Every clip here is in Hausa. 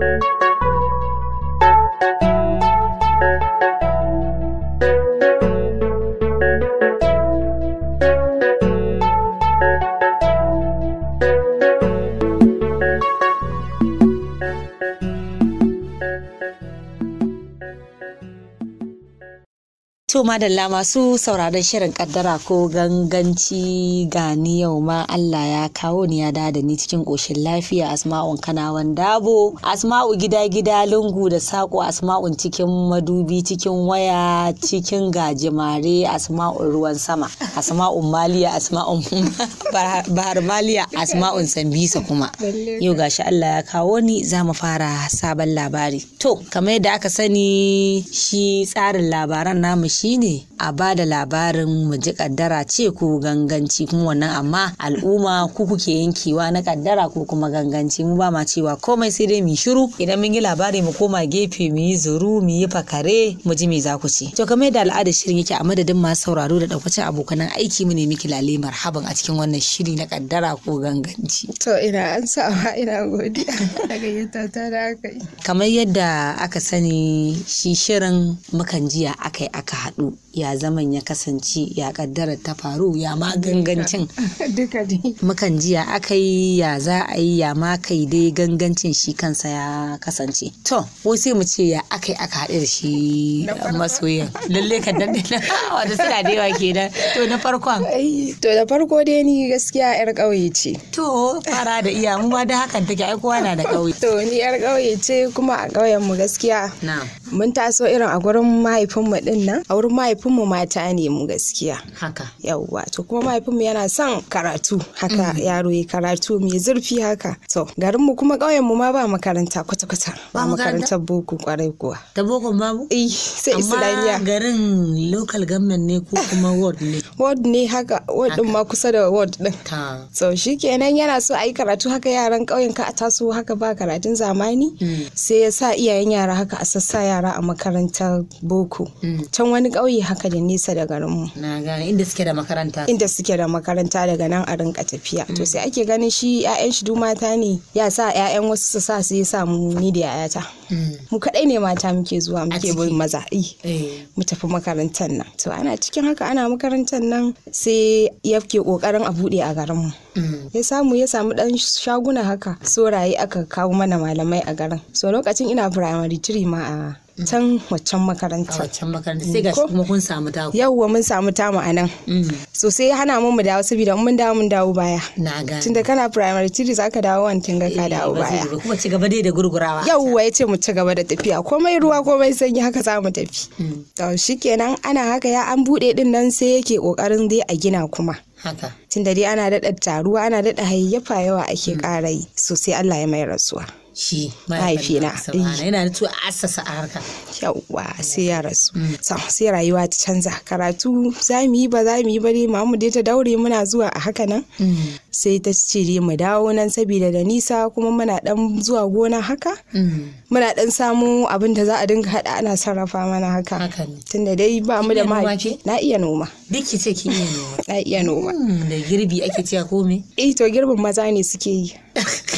Música To madalla masu sauraron shirin kaddara ko ganganci gani yau ma Allah ya kawo ni ya da ni cikin ƙoshin lafiya asma'un kanawan dabo asma'u gida gida lungu da sako, asma'un cikin madubi cikin waya cikin gajimare asma'un ruwan sama asma'un maliya asma'un bahar maliya asma'un sambisa kuma yau gashi Allah ya kawo ni za mu fara sabon labari to kamar yadda aka sani shi tsarin labaran namu shine a ba da labarin mu ji kaddara ce ko ganganci kuma wannan amma al'umma ku kuke yankewa na kaddara ko kuma ganganci mu ba ma cewa komai sai dai mu shiru idan mun yi labari mu koma gefe mu yi zuru mu yi fakare mu ji me za ku ce to kamar da al'adar shirin yake a madadin masu sauraro da daukacin abokanan aiki mu ne miki lale marhaban a cikin wannan shiri na kaddara ko ganganci to ina an sawa ina godiya daga yadda ta da aka yi kamar yadda aka sani shi shirin mukan jiya akai aka haɗu ya zaman ya kasance ya ƙaddarar ta faru ya ma gangancin mukan ji ya aka yi ya za a yi ya ma kai dai gangancin shi kansa ya kasance to ko sai mu ce ya aka yi aka haɗu da shi masoyin lalle ka na wanda suna da yawa kenan to na farko to da farko dai ni gaskiya yar ƙauye ce to fara da iya mu ma da hakan take ai kowa na da ƙauye to ni yar ƙauye ce kuma a ƙauyen mu gaskiya mun taso irin a gurin mahaifinmu din nan a wurin mahaifinmu mata ne mu gaskiya haka yawwa to kuma mahaifinmu yana son karatu haka mm. yaro ya karatu mai zurfi haka to garinmu kuma ƙauyenmu ma ba makaranta kwata-kwata ba makarantar boko kwarai kuwa ta boko babu eh sai islamiya garin local government ne ko kuma ward ne ward ne haka ward din ma kusa da ward din so shikenan yana so a yi karatu haka yaran ƙauyen ka a taso haka ba karatun zamani mm. sai ya sa iyayen yara haka a sassa yara a makarantar boko mm. can wani wani ƙauye haka da nesa da garinmu na gane inda suke da makaranta inda suke da makaranta daga nan a rinka tafiya to mm. sai ake ganin shi 'ya'yan shi mata ne ya sa 'ya'yan wasu su sa su yi samu ni da 'ya'yata mm. mu kaɗai ne mata muke zuwa muke bin maza eh. mu tafi makarantar nan to ana cikin haka ana makarantar nan sai ya ke ƙoƙarin a buɗe a garinmu mm. ya samu ya samu ɗan shaguna haka soraye aka kawo mana malamai a garin so lokacin ina firamare tiri ma a can waccan makaranta waccan makaranta sai ga kuma kun samu tamu yawwa mun samu tamu a nan mm. so sai hana mun mu dawo saboda mun dawo mun dawo baya na ga tunda kana primary three zaka dawo wantin ga ka eh, dawo baya kuma ci gaba dai da gurgurawa yawwa yace mu ci gaba da tafiya komai ruwa komai sanyi haka za mu tafi mm. to shikenan ana haka ya an bude din nan sai yake kokarin dai a gina kuma haka tunda dai ana daɗa taruwa ana daɗa hayyafa yawa ake mm. ƙara yi so sai Allah ya mai rasuwa shi mahaifina yana da tuwa asasa a harka yawwa sai ya rasu mm. sai rayuwa ta canza karatu za mu yi ba za mu yi ba dai mamu dai ta daure muna zuwa a haka nan mm. sai ta ce dai mu dawo nan saboda da nisa kuma muna dan zuwa gona haka mm. muna dan samu abin da za a dinga hada ana sarrafa mana haka tunda dai ba mu da mahaifi na iya noma duk ce ki iya noma na iya noma da girbi ake cewa ko me eh to girbin maza ne suke yi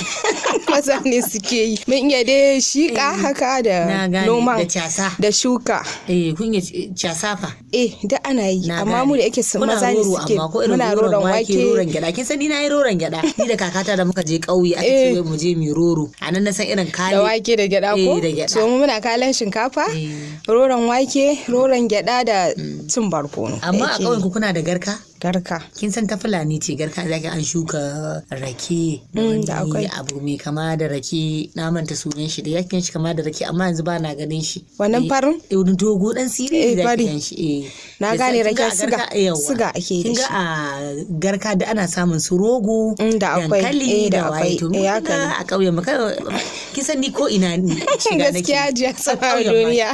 maza ne suke yi mun iya dai shika eh. haka da noman da shuka eh kun yi casafa. eh da ana yi amma mu da yake sun maza ne suke muna roron wake roron gyada kin sani na yi roron gyada ni da kakata da muka je ƙauye aka cikin eh. mu je mu roro anan na san irin kale da wake da gyada ko eh, so mu muna kalan shinkafa roron wake roron gyada da mm. cin barkono amma a kauyen ku kuna da garka garka kin san ta fulani ce garka zaki an shuka rake mm, da akwai abu mai kama da rake na manta sunan shi da yakin shi kama da rake amma yanzu ba na ganin shi wannan eh, farin eh wani dogo dan sirri da eh, yakin shi eh. na gane rake suga suga ake kin ga a garka da ana samun su rogo mm, da akwai da akwai to a kauye mu kisan ni ko ina ne shiga nake gaskiya jiya sama duniya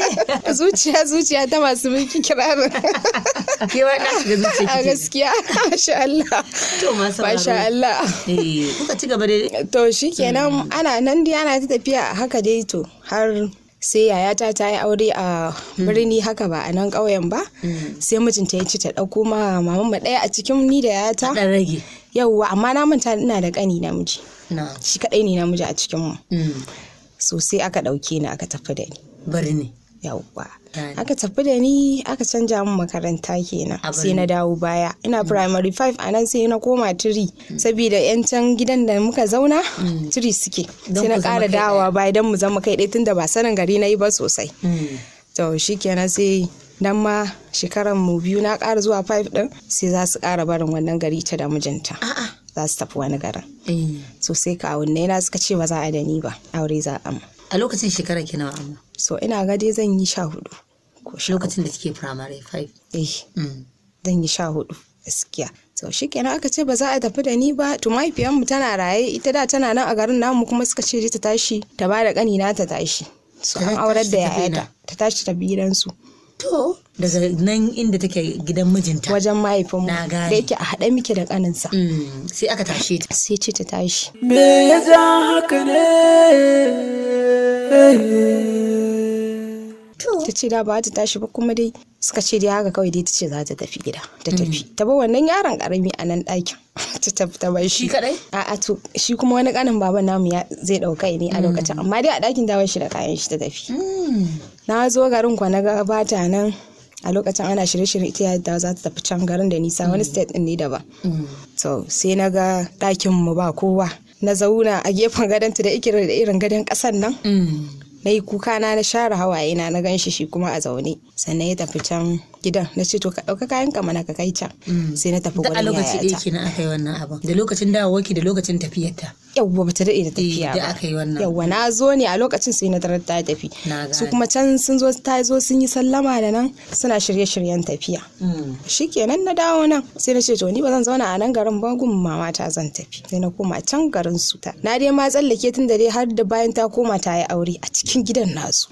zuciya zuciya ta masu mulki kirarin ke wa na shiga zuciya kike gaskiya masha Allah to masha masha Allah eh kuka ci gaba dai to shikenan mm. ana nan dai ana ta tafiya haka dai to har sai yayata ta yi aure a mm. birni haka ba a nan ƙauyen ba mm. sai mijinta ya ce ta ɗauko ma mamanmu ɗaya a cikin ni da yayata yauwa amma na manta ina da ƙani namiji shi kaɗai ne namiji a cikin mu mm. Sosai aka ɗauke ni aka tafi da ni bari ne yauwa aka tafi da ni aka canja min makaranta kenan sai na dawo baya ina mm. primary 5 a nan sai na koma tiri mm. saboda yan can gidan da muka zauna tiri suke sai na ƙara dawowa baya don mu zama kai ɗaya da ba sanin gari na yi ba sosai to shikenan sai dan ma shekaran mu biyu na ƙara zuwa five din sai za su ƙara barin wannan gari ta da mijinta za su tafi wani garin eh. so sai kawunnai na suka ce ba za a da ni ba aure za a mu a lokacin shekaran ki nawa amma so ina ga dai zan yi sha hudu lokacin da kike primary five eh mm. zan yi sha hudu gaskiya so shikenan aka ce ba za a tafi da ni ba to mu tana raye ita da tana nan a garin namu kuma suka ce ta tashi ta ba da kanina ta tashi so an aurar da yayata ta tashi ta gidansu. To. Daga nan inda take gidan mijinta. Wajen mahaifinmu. Na gane. Da yake a haɗe muke da ƙaninsa. Mm, sai aka tashe ta. Sai ce ta tashi. Me ya za haka ne? Ta ce da ba ta tashi ba kuma dai suka ce dai haka kawai dai ta ce za ta tafi gida ta mm. tafi ta bi wannan yaron karami a nan ɗakin ta tafi ta bar shi kadai a a to shi kuma wani kanin baban namu ya zai dauka ne a mm. lokacin amma dai a ɗakin ta shi da kayan shi ta tafi mm. na zo garin kwana ga bata nan a lokacin ana shirye-shirye ita ya da za ta tafi can garin da nisa wani state din ne daban to sai na ga ɗakin mu ba kowa na zauna a gefen gadon ta da ikirar da irin gadon ƙasar nan na yi kuka na na share hawaye na na ganshi shi kuma a zaune sannan ya tafi can gidan na ce to ka ɗauka kayan ka mana ka kai can mm. sai na tafi gurin yayata. Da a lokaci ɗaya na aka yi wannan abin da lokacin ki da lokacin tafiyarta. yawwa ta daɗe da tafiya eh, ba yawwa na zo ne a lokacin sai na tarar ta tafi su kuma can sun zo ta zo sun yi sallama da nan suna shirye-shiryen tafiya shi hmm. shikenan na dawo nan sai na ce to ni ba zan zauna a nan garin ba gun mama zan tafi sai na koma can garin su ta na dai ma tsallake tun da dai har da bayan ta koma ta yi aure a cikin gidan nasu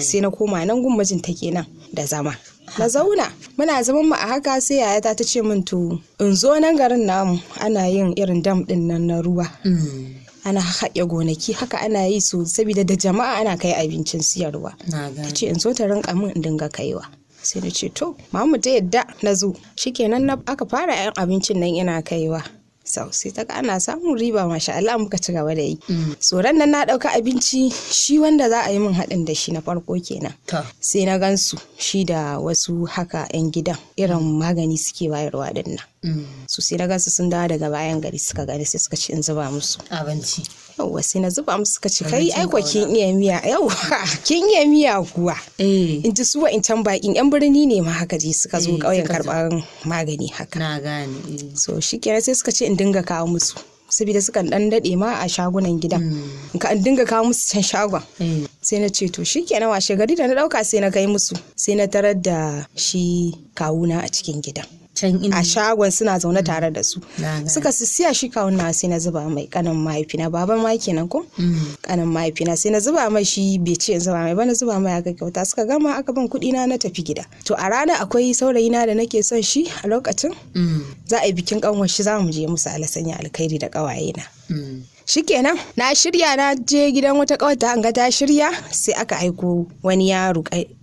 sai na koma nan gun mijin ta kenan da zama na zauna muna zaman mu a haka sai yayata ta ce min to in zo nan garin namu ana yin irin dam din nan na ruwa mm. ana haƙe gonaki haka ana yi su saboda da jama'a ana kai abincin siyarwa ta ce in zo ta rinka min in dinga kaiwa sai na ce to mamu ta yadda na zo shikenan aka fara yan abincin nan ina kaiwa sau sai ta ana samun riba masha Allah muka ci gaba da yi tsoron mm. nan na ɗauka abinci shi wanda za a yi min haɗin da shi na farko kenan sai na gansu shi da wasu haka 'yan gidan irin mm. magani suke bayarwa din Mm. su sai na su sun dawo daga bayan gari suka gani sai suka ci in zuba musu abinci yawwa sai na zuba musu suka ci, kai aiko kin iya miya yawwa kin iya miya kuwa eh. in ji suwa in can bakin yan birni ne ma haka je suka zo eh, ƙauyen karɓar magani haka na gane eh. so shi sai suka ce in dinga kawo musu saboda suka dan dade ma a shagunan gidan mm. ka dinga kawo musu can shagon sai na ce to shikenan washe gari da na dauka sai na kai musu sai na tarar da shi kawuna a cikin gidan a shagon suna zaune mm. tare da su suka su siya shi kawun na sai na zuba mai kanin mahaifi na baban ma kenan ko kanin mm. mahaifi na sai na zuba mai shi bai ce zuba mai ba na zuba mai aka kyauta suka gama aka ban kuɗi na na tafi gida to a rana akwai saurayi na da nake son shi a lokacin mm. za a yi bikin kanwar shi za mu je musu alasanya alkhairi da kawaye na shikenan na shirya na je gidan wata kawata an ga ta shirya sai aka aiko wani yaro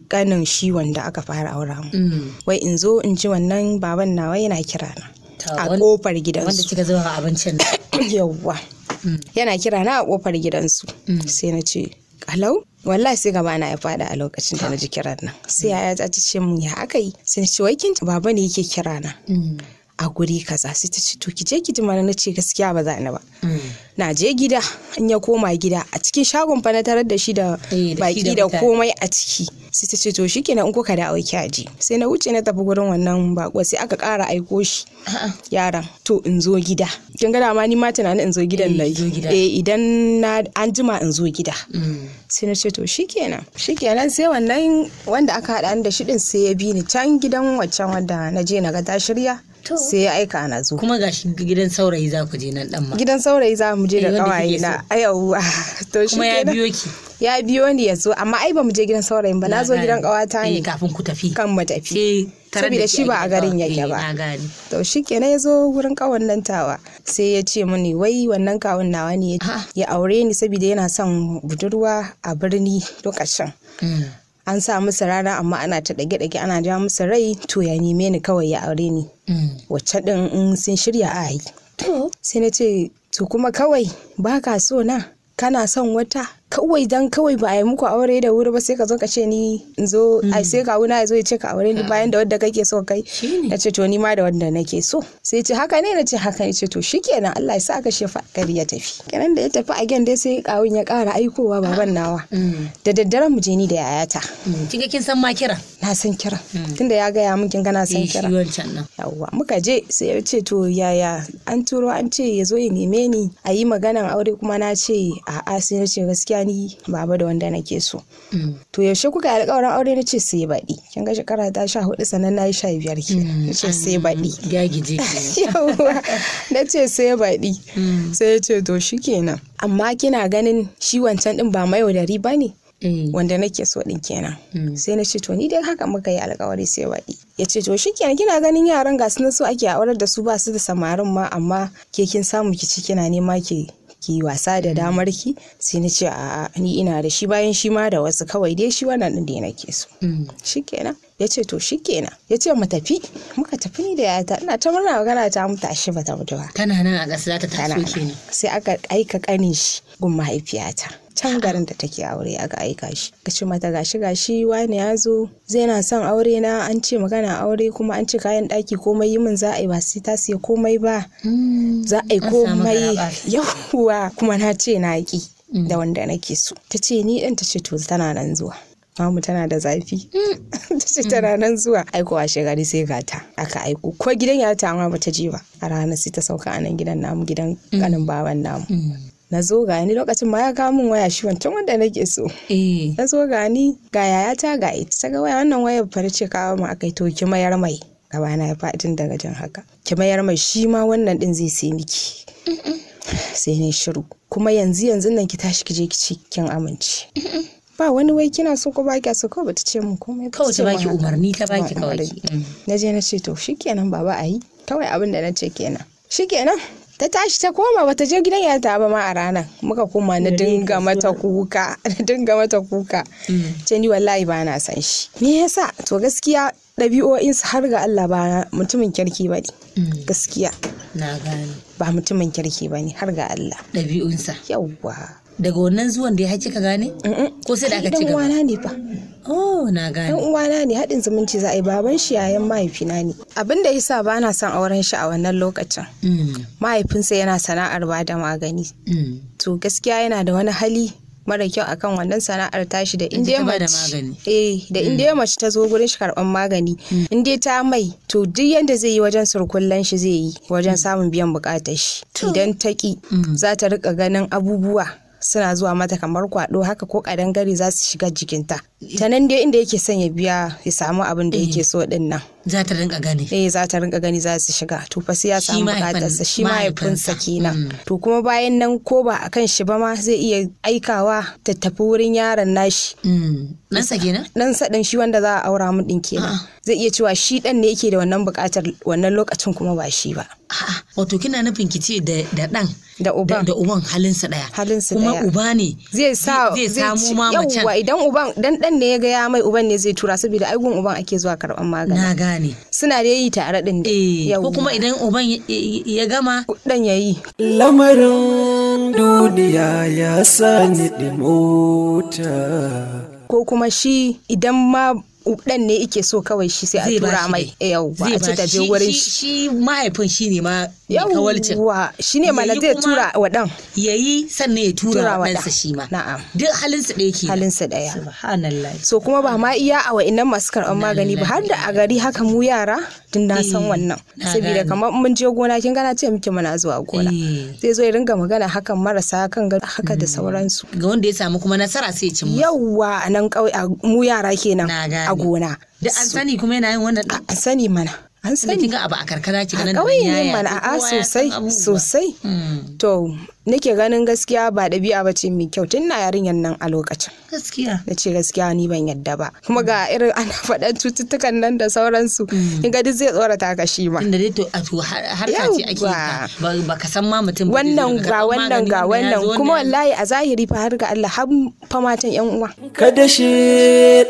kanin shi wanda aka fara aura mu mm. wai in zo in ji wannan baban nawa yana kira na a kofar gidansu wanda kika zuba abincin yawwa mm. yana kira na a kofar gidansu mm. sai na ce alau wallahi sai gaba na ya fada a lokacin da na ji kiran nan sai ya ta ce mun ya aka yi sai na ce wai kin baba ne yake kira na a guri kaza sai ta ce to ki je ki ji mana na ce gaskiya ba za ni ba mm. na je gida in ya koma gida a cikin shagon fa na tarar da shi da eh, baki da komai a ciki sai ta ce to shikenan in kuka da auki aji sai na wuce na tafi gurin wannan bako sai aka kara aiko shi yaran to in zo gida kin ga dama ni ma tunanin in zo gidan eh, na eh idan na an jima in zo gida mm. sai na ce to shikenan shikenan sai wannan wanda aka haɗa da shi din sai ya bi ni can gidan waccan wanda na je na ga ta shirya sai ya aika ana zo kuma gashi gidan saurayi za ku je nan dan ma gidan saurayi za mu je da kawaye eh, na ayawa to shi kuma ya biyo ki ya biyo ni ya zo amma ai ba mu je gidan saurayin ba na zo gidan kawata ne eh, kafin ku tafi kan mu tafi saboda shi ba a garin yake ba eh, to shi kenan ya zo wurin kawon nan tawa sai ya ce mini wai wannan kawun nawa ne ya aure ni saboda yana son budurwa a birni lokacin hmm. an sa musu rana amma ana ta ɗage-ɗage ana ja musu rai to ya neme ni kawai ya aure ni mm. wacce ɗin in sun shirya a yi sai na ce to kuma kawai ba ka so na kana son wata kawai dan kawai ba a yi muku aure da wuri ba sai ka zo ka ce ni in zo ai hmm. sai wuna ya zo ya ce ka aure ni ah. bayan da wadda kake so kai na ce to ni ma da wadda nake so sai ce haka ne na ce haka ne ce to shikenan Allah ya sa ka shefa gari ya tafi kenan da ya tafi a gyan dai sai kawun ya kara aikowa baban ah. nawa hmm. da daddaren mu je ni da yayata hmm. Kin ga kin san ma kira na san kira tunda ya gaya mun kin gana na san eh, kira yawa muka je sai ya ce to yaya an turo an ce ya zo ya neme ni a yi maganan aure kuma na ce a'a sai na ce gaskiya tsakani baba da wanda nake so mm. to yaushe kuka yi alƙawarin aure na ce sai baɗi kin ga shekara ta sha hudu sannan na yi sha biyar ke mm. na ce sai baɗi gagije na ce sai baɗi sai ya ce to shi kenan amma kina ganin shi wancan ɗin ba yaudari ba ne eh. wanda nake so ɗin kenan mm. sai na ce to ni dai haka muka yi alƙawari sai baɗi ya ce to shi kenan kina ganin yaran ga su so ake aurar da su ba su da samarin ma amma ke kin samu kici kina nema ke ki wasa da mm. damar ki sai na ce a ni ina da shi bayan shi ma da wasu kawai dai shi wannan din da nake so mm. shikenan ya ce to shikenan ya ce mu tafi muka tafi ni da yata ina ta murna magana ta mu tashi ba ta mutu ba tana nan a ƙasa za ta taso kenan sai aka aika kanin shi gun mahaifiyata can garin da take aure aka aika shi ga mata gashi gashi wani ya zo zai na son aure na an ce magana aure kuma an ce kayan daki komai yi min za a yi ba sai ta siya komai ba mm. za a yi komai yawwa kuma na ce na ki mm. da wanda nake so ta ce ni dan ta ce to tana nan zuwa mamu tana da zafi mm. ta ce tana nan zuwa aiko a shekari sai gata aka aiko ko gidan ya ta amma bata je ba a ranar sai ta sauka a nan gidan namu gidan kanin baban namu na zo ga ni lokacin ma ya kawo min waya shi wancan wanda nake so eh. na zo ga ni ga yayata ga ita ta ga waya wannan wayar fara ce kawo mu akai to ki mayar mai gabana ya faɗi daga jan haka ki mayar mai shi ma wannan din zai sai miki sai ne shiru kuma yanzu yanzu nan ki tashi ki je ki ci kin amince ba wani wai kina so ko ba kya so ba ta ce mun komai kawai ta baki umarni ta baki kawai mm. na je na ce to shikenan baba ayi kawai abin da na ce kenan shikenan ta tashi ta koma bata je gidan yata ba ma a ranar muka koma na dinga mata kuka na dinga mata kuka ce ni wallahi ba na san shi me yasa to gaskiya su har ga Allah ba mutumin kirki ba ne mm. gaskiya na gane ba mutumin kirki ba ne har ga Allah ɗabi'unsa yawwa daga wannan zuwan da ya ka gane ko sai da aka ci gaba ne fa oh na gane dan uwana ne haɗin zumunci za a yi baban shi yayan mahaifina ne abin da yasa ba na son auren shi a wannan lokacin mm. mahaifinsa yana sana'ar ba da magani mm. to gaskiya yana da wani hali mara kyau akan wannan sana'ar tashi da inda mace eh da inda mm. mace ta zo gurin shi karban magani in dai ta mai to duk yadda zai yi wajen surkullan shi zai yi wajen samun biyan bukatar shi idan ta ki za ta rika ganin abubuwa suna zuwa mata kamar kwaɗo, haka ko kadangare za su shiga jikinta ta dai inda yake son ya biya ya samu abin da yake eh. so din nan za ta rinka gani eh za ta rinka gani za su shiga to fa sai ya samu bukatarsa shi mahaifinsa kenan mm. to kuma bayan nan ko ba a kan shi ba ma zai iya aikawa ta tafi wurin yaron nashi mm. ɗansa kenan sa ɗan shi wanda za a aura mu ɗin kenan ah. zai iya cewa shi ɗan ne yake da wannan bukatar wannan lokacin kuma ba shi ba wato kina nufin ki ce da ɗan da uban da uban halinsa daya halinsa kuma uba ne zai sa zai samu mamacin yauwa idan uban dan dan ne ya ga ya mai uban ne zai tura saboda aigun uban ake zuwa karban magani na ne suna da yi tare din eh ko kuma idan uban ya gama dan yayi lamarin duniya ya sani mota. ko kuma shi idan ma dan ne ike so kawai shi sai a tura mai yau ba a ci ta shi. shi mahaifin shi ne ma kawalcin yawwa ne malade ya tura wa dan yayi sannan ya tura wa ɗansa shi ma na'am duk halinsa ɗaya ke halinsa ɗaya subhanallah so kuma ba ma iya a wa'innan masu karɓar magani ba har da a gari haka mu yara tun na san eh, wannan saboda kamar mun je gona kin gana ce miki muna zuwa gona eh. zai zo ya ringa magana hakan marasa kan haka da hmm. sauransu ga wanda ya samu kuma nasara sai ya ci yawwa a nan kawai mu yara kenan a gona Da an sani kuma yana yin wannan an sani mana an sani ga abu a karkara ki nan kauye ne mana a sosai sosai hmm. to nake ganin gaskiya ba ɗabi'a ba ce mai kyau tun na yarinyar nan a lokacin gaskiya na ce gaskiya ni ban yadda ba kuma ga irin ana faɗan cututtukan nan da sauransu mm. in ga duk zai tsorata ka shi ma inda dai to a to harka ce ake ba ka san ma mutum ba wannan ga wannan ga wannan kuma wallahi a zahiri fa har ga Allah har fa matan yan uwa kada shi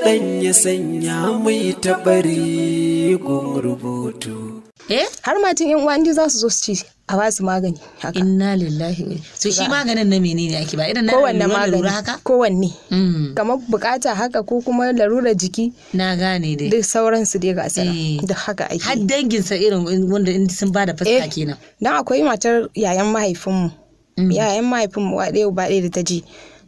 dan ya sanya mai tabari gun rubutu eh har matan yan uwa za su zo su ci a ba su magani haka inna lillahi to shi maganin na menene ake ba Idan na kowanne larura haka kowanne hmm. kamar bukata haka ko kuma larura jiki na gane dai duk sauran su dai ga sana eh. duk haka ake har dangin sa irin wanda in sun ba da fuska eh. kenan dan akwai matar yayan mahaifinmu hmm. yayan mahaifinmu wa ɗaya ba ɗaya da ta je.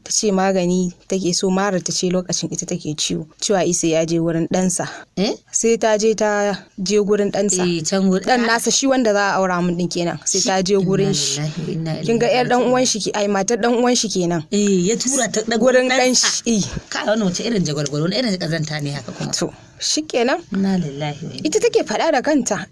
ta ce magani take so mara ta ce lokacin ita take ciwo cewa isa ya je wurin ɗansa eh? sai ta je ta je gurin ɗansa eh, ɗan nasa shi wanda za a aura mun ɗin kenan sai ta je gurin shi kin ga yar dan uwan shi ai matar dan uwan shi kenan eh ya tura ta gurin ɗan shi eh. ka wani wace irin jagwalgwalo wani irin kazanta ne haka kuma to shikenan na lillahi ita take faɗa da kanta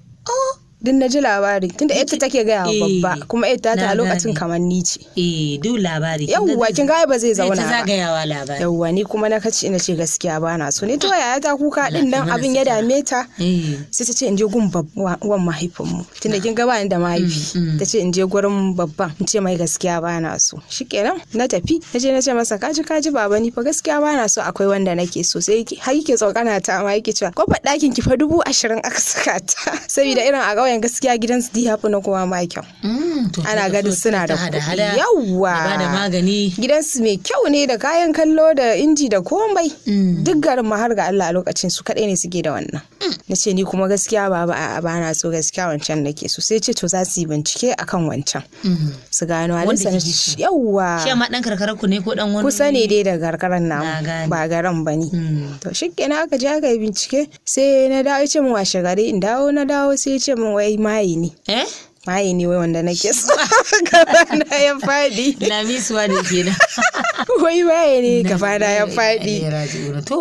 duk na ji labari tunda ita take gaya wa eh. babba kuma ita ta a lokacin kamar ni ce eh duk labari yawwa kin ga ba zai zauna ba zagayawa labari yawwa ni kuma na kace ina ce gaskiya ba na so ni to yaya ta kuka din nan abin ya dame ta eh. sai ta ce in je gun babban mahaifin mu tunda kin ga ba ni da mahaifi mm, mm. ta ce in je gurin babban in ce mai gaskiya ba na so shikenan na tafi na je na ce masa kaji kaji baba ni fa gaskiya ba na so akwai wanda nake so sai har yake tsokana ta ma yake cewa fa ɗakin ki fa dubu ashirin aka saka ta Sabida irin a bayan gaskiya gidansu su yafi na kowa kyau mm, ana gadi suna da kuɗi yawwa gidansu mai kyau ne da kayan kallo da inji da komai mm. duk garin ma har ga Allah a lokacin su kaɗai ne suke da wannan mm. na ce ni kuma gaskiya ba a bana so gaskiya wancan nake so sai ce to za su yi bincike akan wancan mm-hmm. su gano halin sa yawwa shi amma ɗan karkarar ku ne ko ɗan wani kusa ne dai da karkarar namu ba garan ba ne to na aka je aka yi bincike sai na dawo ce min washe gari in dawo na dawo sai ce min é Imaine. É? maye ne wai wanda nake so gaba na ya fadi lamisuwa da ke da wai maye ne gaba na ya fadi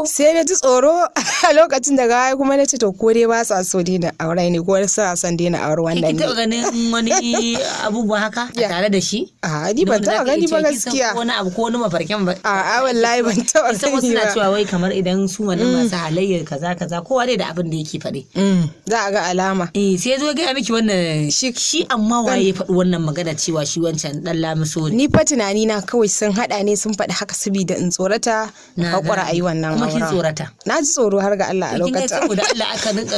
sai na ji tsoro a lokacin da gaya kuma na ce to ko dai ba sa so daina aure ne ko sa son daina aure wanda ne ki taɓa ganin wani abubuwa haka a tare da shi a ni ban taɓa gani ba gaskiya wani abu ko wani mafarkin ba a wallahi ban taɓa gani ba suna cewa wai kamar idan su wani mm. masu halayyar kaza kaza kowa dai da abin da yake faɗi mm. za a ga alama eh sai zo ga miki wannan shi shi amma waye faɗi wannan magana cewa shi wancan dan lamiso ni fa tunani na kawai sun haɗa ne sun faɗi haka saboda in tsorata na hakura ayi wannan kuma tsorata na ji tsoro har ga Allah a lokacin saboda Allah aka rinka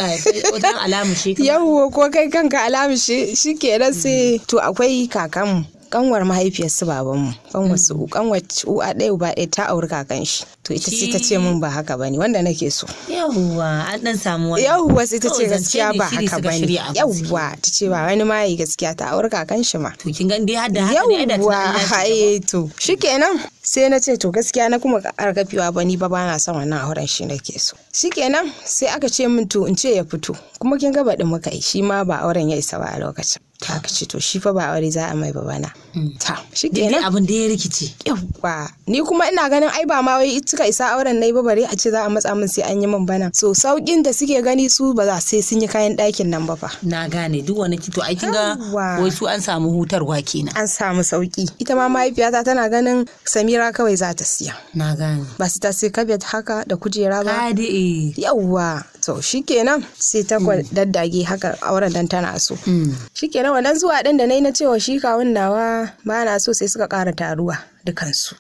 wajen alamu shi yawo ko kai kanka alamu shi shikenan sai to akwai kakanmu kanwar mahaifiyarsu babanmu kanwar su mm. kanwar uwa ɗaya uba ɗaya ta auri kakan shi to ita ce ta ce min ba haka bane wanda nake so yawwa an dan samu wani yawwa sai ta ce gaskiya ba haka bane yawwa ta ce ba wani ma yi gaskiya ta auri kakan shi ma to kin ga dai har da haka ne da yawwa eh to shikenan sai na ce to gaskiya na kuma karkafewa ba ni ba ba na son wannan auren shi nake so shikenan sai aka ce min to in ce ya fito kuma kin ga baɗin muka yi shi ma ba auren ya isa ba a lokacin ta ka ce to shi fa ba aure za a mai ba bana mm. ta shi kenan abin da ya rikice yawa ni kuma ina ganin ai ba ma wai suka isa auren nayi ba bare a ce za a matsa min sai an yi min bana so saukin da suke gani su ba za sai sun yi kayan ɗakin nan ba fa na gane duk wani kito ai kinga wai su an samu hutarwa kenan an samu sauki ita ma mahaifiyata tana ganin Samira kawai za ta siya na gane ba su ta sai kabet haka da kujera ba eh. yawwa so shikenan sai ta mm. daddage haka auren dan tana so mm. shikenan wannan zuwa din da na yi na cewa shi kawun nawa ba na so sai suka ƙara taruwa dukansu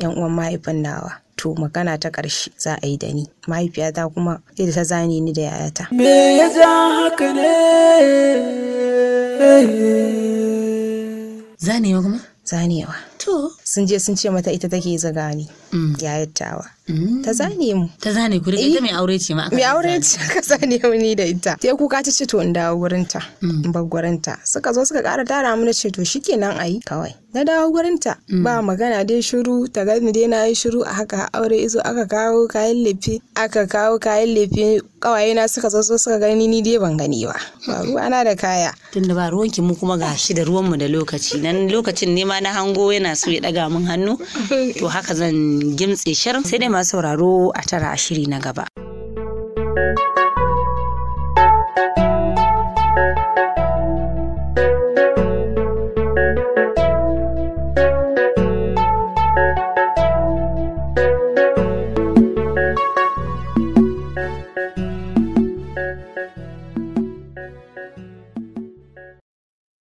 yan uwan mahaifin nawa to magana ta ƙarshe za a yi da ni mahaifiyata kuma sai da ta zane ni da yayata me ya za haka ne zanewa kuma zanewa To. Sun je sun ce mata ita take zagani. Mm. Yayattawa. Mm. Ta zane mu. Ta zane ku ita eh. mai aure ce ma. Mai aure ce ka zane mu ni da ita. Ta kuka ta ce to in dawo ta mm. In bar ta Suka zo suka ƙara tara mu na ce to shikenan ayi kawai. Na dawo ta Ba magana dai shiru ta ni dai na yi shiru a haka aure izo aka kawo kayan lefe aka kawo kayan lefe kawaye na suka zo suka gani ni dai ban gani ba. Ba na da kaya. Tunda ba ruwanki mu kuma gashi da ruwan mu da lokaci nan lokacin ne ma na hango yana yana so ya daga mun hannu to haka zan gimtse shirin sai dai masu sauraro a tara a shiri na gaba.